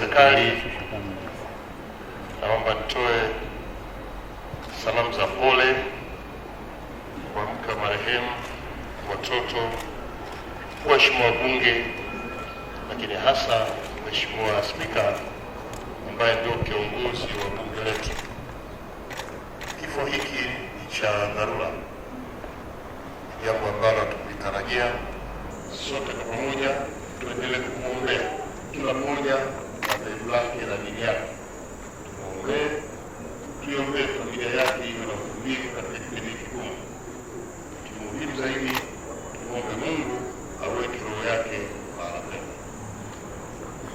serikali, naomba nitoe salamu za pole kwa mke wa marehemu, watoto, waheshimiwa wabunge, lakini hasa Mheshimiwa Spika ambaye ndio kiongozi wa bunge letu. Kifo hiki ni cha dharura, jambo ambalo tukuitarajia Sote kwa pamoja tuendelee kumwombea kila mmoja wake na dini yake, tuombee, tuiombee familia yake iwe na utulivu katika kipindi kigumu. kimuhimu zaidi, tuombe Mungu aweke roho yake mahala pema.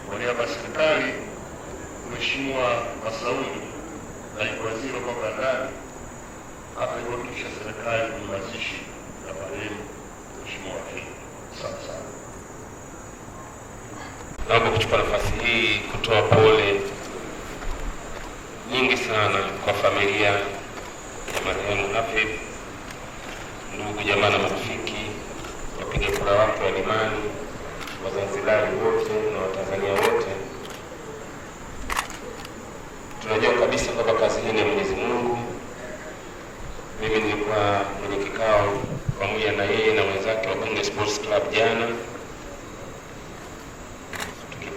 Kwa niaba ya serikali, Mheshimiwa Masauni, naibu waziri wa mambo ya ndani, ataihakikisha serikali ni mazishi naomba kuchukua nafasi hii kutoa pole nyingi sana kwa familia ya marehemu Hafidh, ndugu jamaa na marafiki, wapiga kura wake wa limani Wazanzibari wote na Watanzania wote. Tunajua kabisa kwamba kazi hii ni ya Mwenyezi Mungu. Mimi nilikuwa mwenye kikao pamoja na yeye na wenzake wa Bunge Sports Club jana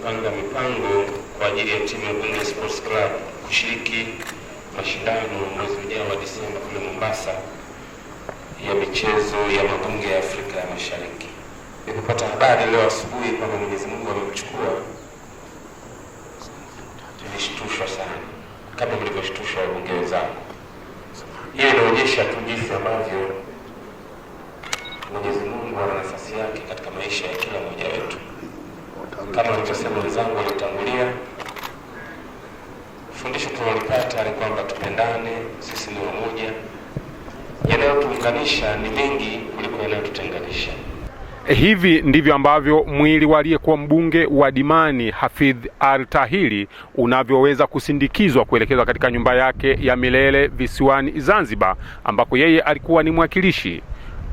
kupanga mipango kwa ajili ya timu ya Bunge Sports Club kushiriki mashindano mwezi ujao wa Disemba kule Mombasa ya michezo ya mabunge ya Afrika ya Mashariki. Nimepata habari leo asubuhi kwamba Mwenyezi Mungu amemchukua. Nilishtushwa sana kama mlivyoshtushwa wabunge wenzangu. Hiyo inaonyesha tu jinsi ambavyo Mwenyezi Mungu ana nafasi yake katika maisha ya kila mmoja wetu kama alivyosema wenzangu walitangulia, fundisho tulilopata ni kwamba tupendane, sisi ni wamoja. Yanayotuunganisha ni mengi kuliko yanayotutenganisha. Hivi ndivyo ambavyo mwili wa aliyekuwa mbunge wa Dimani Hafidh Al-Tahili unavyoweza kusindikizwa kuelekezwa katika nyumba yake ya milele visiwani Zanzibar, ambako yeye alikuwa ni mwakilishi.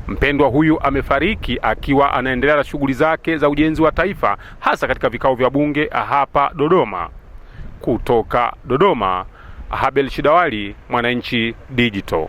Mpendwa huyu amefariki akiwa anaendelea na shughuli zake za ujenzi wa taifa, hasa katika vikao vya bunge hapa Dodoma. Kutoka Dodoma, Habel Shidawali, Mwananchi Digital.